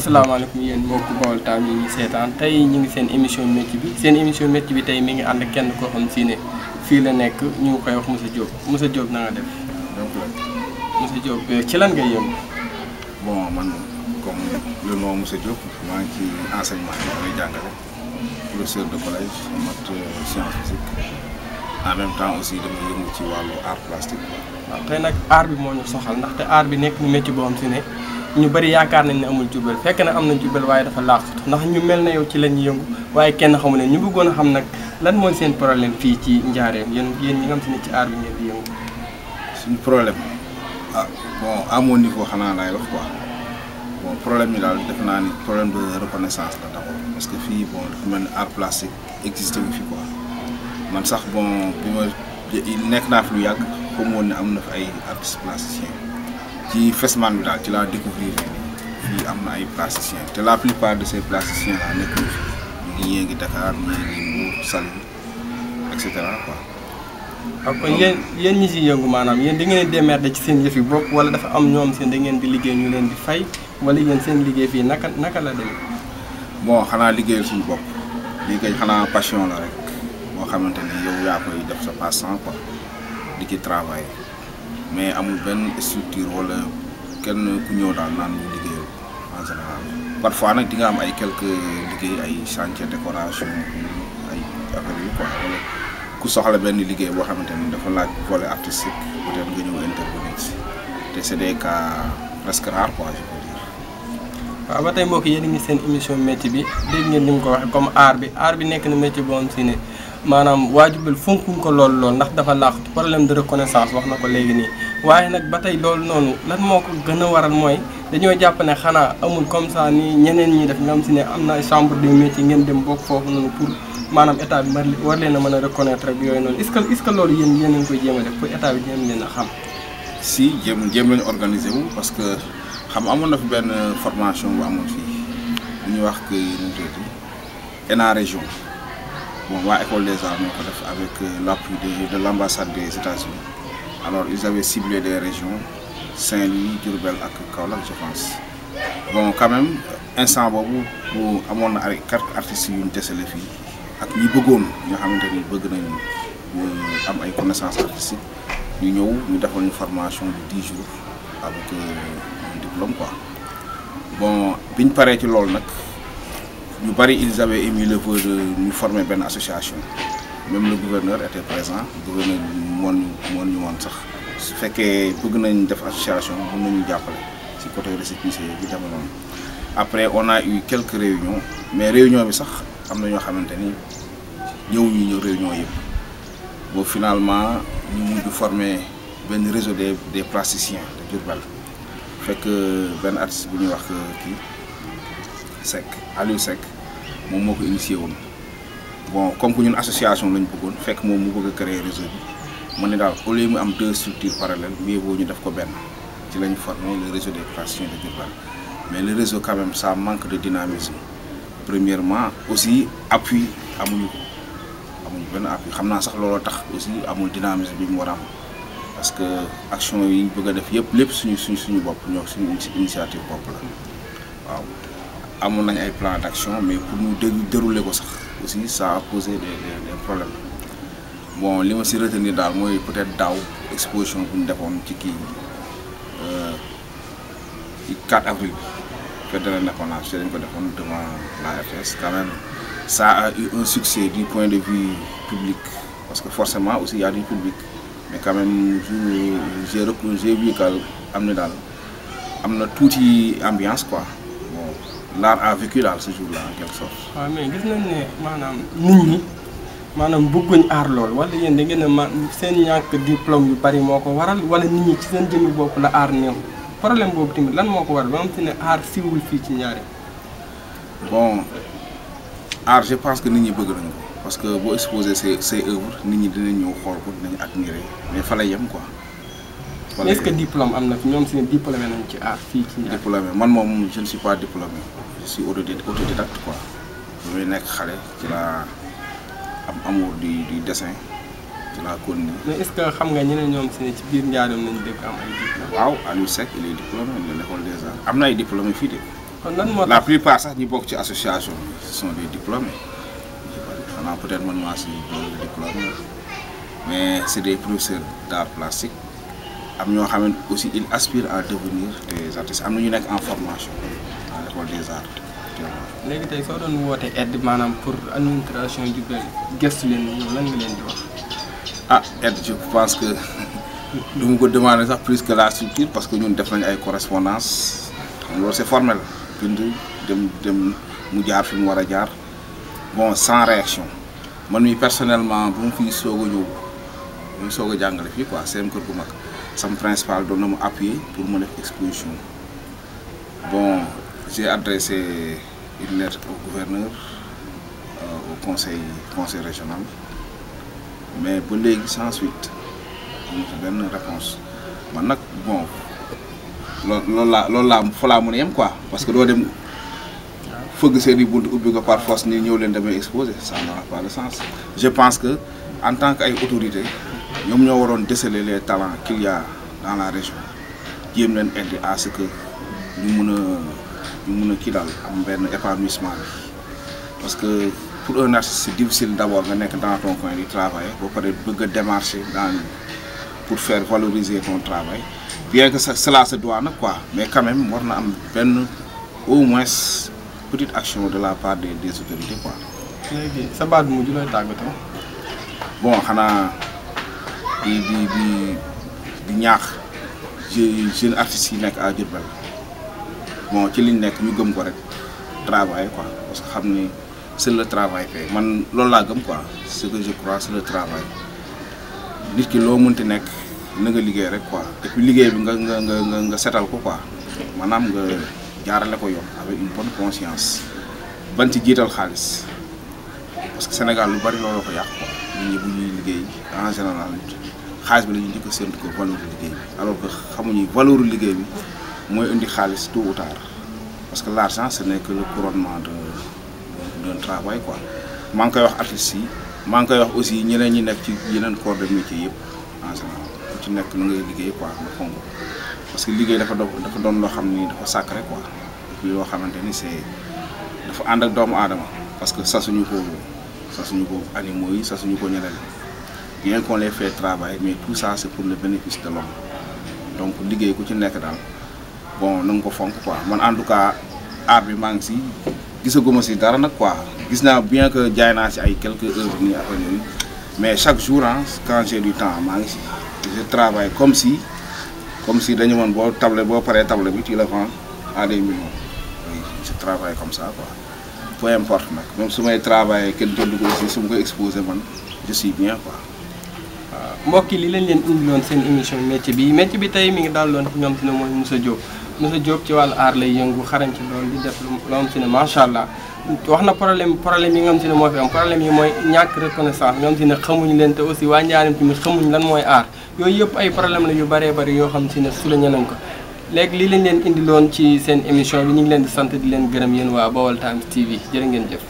asalaamaaleykum yéen mbokki Baol Times yi ñu seetaan tey ñu ngi seen émission métti bi seen émission métti bi tey mi ngi ànd kenn ko xam si ne fii la nekk ñu ngi koy wax monsieur Diop monsieur Diop na euh, euh, ci lan ngay yëngu. bon man comme monsieur Diop maa ngi ci enseignement bi jàngale professeur de collège en maths euh, sciences physiques en même temps aussi damay yëngu ci wàllu art plastique. waaw tey nag art bi moo ñu soxal ndaxte aar bi nekk ñu métti boo si ne. ñu bari yaakaar nañ ne amul jubal fekk na am na jubal waaye dafa laaxut ndax ñu mel na yow ci lañuy yëngu waaye kenn xamu ne ñu bëggoon a xam nag lan mooy seen problème fii ci njaareem yéen yéen ñi nga xam si ne ci aar bi ngeen yëngu. suñu problème ah bon à mon niveau xanaa laay wax ko bon problème yi daal def naa ni problème de reconnaissance la d'abord parce que fii bon dafa mel ni art plastique fi quoi man sax bon bi nekk naa fi lu yàgg xamoon ne am na fi ay artistes plasticiens. ci Fesman bi daal ci la découvrir fii am na ay plasticiens te la plupart de ces plasticiens là nekkuñu fi ñii ngi Dakar ñii ngi Mbour Saly et cetera quoi. waaw ah, kon yéen yéen ñi si yëngu maanaam yéen da ngeen di ci seen yëf yi bopp wala dafa am ñoom seen da ngeen di liggéey ñu leen di fay wala yéen seen liggéey fii naka naka la dem bon xanaa liggéeyal suñu bopp lii kay xanaa passion la rek boo xamante ni yaa koy def sa passe-temps quoi di ci travailler. mais amul benn structure walla kenn ku ñëw daal naan ñu liggéeyal parfois nag di nga am ay quelques liggéey ay chantier décoration ay affaire yi quoi wala ku soxla benn liggéey boo xamante ni dafa laaj volet artistique peut-être nga ñëw intervenir si te c'est des cas presque rares quoi je waaw ba tey mbokk yéen a ngi seen émission métier bi dégg ngeen ni mu ko waxee comme art bi art bi nekk na métier boo si ne. maanaam waajur bi fonkuñ ko loolu lool ndax dafa laax problème de reconnaissance wax na ko léegi nii waaye nag ba tey loolu noonu lan moo ko gën a waral mooy dañoo jàpp ne xanaa amul comme ça ni ñeneen ñi def nga si ne am na chambre de métier ngeen dem bokk foofu noonu pour maanaam état bi war leen mën a reconnaître ak yooyu noonu est-ce que est loolu yéen yéen a ngi koy jéem a def pour état jéem leen a xam. si jéem jéem leen organiser wu parce que xam amoon na fi benn formation bu amoon fii ñuy wax que nu mu bon waa école des arts def avec euh, l'appui de de l'ambassade des États-Unis alors ils avaient ciblé des régions Saint-Louis Diourbel ak Kaolack je pense bon quand instant boobu bu amoon na ay quatre artistes yu ñu desale fii ak ñi bëggoon ñoo xamante ni bëgg nañu am ay connaissances artistiques ñu ñëw ñu defal ñu formation de dix jours avec euh, un diplôme bon biñ paree ci loolu nag. ñu bari ils avaient émis le vœu de ñu former benn association même le gouverneur était présent gouverneur moon moon ñu woon sax su fekkee bëgg nañ def association mën nañu jàppale ci côté récépissé bi dama noonu après on a eu quelques réunions mais réunion bi sax am na ñoo xamante ni ñëwuñu ñëw réunion yëpp boo finalement ñu mujj former benn réseau des des plasticiens de Diourbel fekk benn artiste bu ñuy wax euh, kii Seck Aliou sec moom moo ko initié woon bon comme que ñun association lañ bëggoon fekk moom mu bëgg a créer réseau bi ma ne daal au lieu mu am deux structures parallèles mieux vaut ñu def ko benn ci lañ formé le réseau des praticiens de Diourbel mais le réseau quand même ça manque de dynamisme premièrement aussi appui amuñu ko amuñu benn appui xam naa sax looloo tax aussi amul dynamisme bi mu war a parce que action yi bëgg a def yëpp lépp suñu suñ suñu bopp ñoo suñu initiative bopp la waaw amoon nañ ay plan d'action mais pour ñu dé dérouler ko sax aussi ça a posé problème bon li ma si ni daal mooy peut-être daaw exposition bu ñu defoon ci kii euh, ci 4 avril fête de l'indépendance dañ ko defoon devant la RTS quand a un succès du point de vie public parce que forcément aussi y a du public mais quand même j'ai j'ai vu que am na daal am na tuuti ambiance quoi. l'art a vécu daal ce jour-là en quelque sorte. waaw ah, mais gis nañ ne maanaam nit ñi maanaam bëgguñ aar lool wala yéen da ngeen a ma seen ñàkk diplôme yu bari moo ko waral wala nit ñi ci seen jëmmi bopp la aar néew problème boobu tamit lan moo ko waral ba nga xamante ne aar siwul fii ci ñaari. bon aar je pense que nit ñi bëgg nañu ko parce que boo exposé say say œuvres nit ñi dinañ ñëw xool ko dinañ admirer mais fa la yem quoi. est ce que diplôme am na fi ñoom suñu diplômé nañu ci art fii ci Ndiaye. diplômé man moom je ne suis pas diplômé je suis autodidacte quoi bu muy nekk xale ci laa am amour du du dessin ci laa continué. mais est ce que xam nga ñeneen ñoom si ne ci biir Njaareem nañu dëkk am ay diplômes. waaw Aliou Seck il est diplômé de l'école des arts am na ay diplômé fii de. kon lan moo tax la plupart sax ñi bokk ci association bi ce sont des diplômés xanaa peut être man maa si diplômé mais c' est des professeurs d' art plastique. am ñoo xamante aussi ils aspirent à devenir des am na ñu nekk en formation à l'école des arts léegi tey soo doon woote aide maanaam pour administration Diourbel gëstu leen ñoom lan nga leen di ah aide je pense que du mu ko demander sax plus que la structure parce que ñun def nañu ay correspondance loolu c'est formel bind dem dem mu jaar fi mu war a jaar bon sans réaction man mi personnellement bu mu fi soog a ñëw mu soog a jàngale fii quoi seen kër bu mag. sama principal doon na mu appuyer pour mu def exposition bon j'ai adressé une lettre au gouverneur euh, au conseil conseil régional mais ba léegi sans huit benn réponse man nag bon lool laa loolu laa fa laa mën a yem parce que doo dem fëgg seen i bunt ubbi ko par force ni ñëw leen damay exposé ça n'aura pas de sens je pense que en tant que ay autorité ñoom ñoo waroon déceler les talents qu'il y a dans la région jéem leen aider à ce que ñu mun a ñu mun a kii daal am benn épanouissement bi parce que pour un artiste c'est difficile d'abord nga nekk dans ton coin di travailler ba pare bëgg démarché démarcher dans pour faire valoriser ton travail bien que ça cela se doit quoi mais quand même war na am benn au moins petite action de la part des des autorités quoi. léegi sa baat bu mujj looy tàggatoo. bon xanaa. di di di ñaax jeune artistes yi nekk à Diourbel bon ci liñ nekk ñu gëm ko rek travail ko parce que xam ni c'est le travail fait man loolu laa gëm quoi ce que je crois c'est le travail nit ki loo mënti nekk na nga liggéey rek quoi et liggéey bi nga nga nga setal ko quoi maanaam nga jaarale ko yoon avec une bonne conscience ban ci jiital xaalis parce que Sénégal lu bari looloo ko yàq quoi nit ñi bu ñuy liggéey xaalis bi la ñu di ko séntu ko valeur liggéey bi alors que xamuñu valeur liggéey bi mooy indi xaalis tôt ou tard parce que l'argent ce n'est que le couronnement de d'un travail quoi maa ngi koy wax artistes yi maa ngi koy wax aussi ñeneen ñi nekk ci yeneen corps de métier yëpp en général ci nekk na ngay liggéey quoi nga parce que liggéey dafa doon dafa doon loo xam ni dafa ko quoi depuis loo xamante ni c'est dafa ànd ak doomu aadama parce que sasuñu ko sasuñu ko animaux yi suñu ko ñeneen bien qu'on les fait travailler mais tout ça c'est pour le bénéfice de l'homme donc liggéey ku ci nekk daal bon na nga ko fonk quoi man en tout cas art bi maa ngi si gisaguma si dara nag quoi gis naa bien que jaay naa si ay quelques heures nii après yooyu mais chaque jour ah quand j'ai du temps maa ngi si je travaille comme si comme si boo table boo paree table bi tu la vends à des millions comme ça quoi peu importe nag même su may travaillé kenn jënd ko aussi su ma koy exposé man je bien quoi mbokk yi li leen leen indiloon seen émission métier bi métier bi tey mi ngi dalaloon ci ñoom fi ne mooy Moussa Diop Moussa Diop ci wàllu aar lay yëngu xarañ ci loolu ne macha allah wax na problème problème yi nga xam si ne moo fi am problème yi mooy ñàkk reconnaissance ñoom si ne xamuñu leen te aussi waa njaarim tamit xamuñ lan mooy aar yooyu yëpp ay problème la yu bëree bëri yoo xam si ne su la ñanañ ko léegi li leen leen indiloon ci seen émission bi ñu ngi leen di sant di leen gërëm yéen waa Baol Times TV jërë ngeen jëf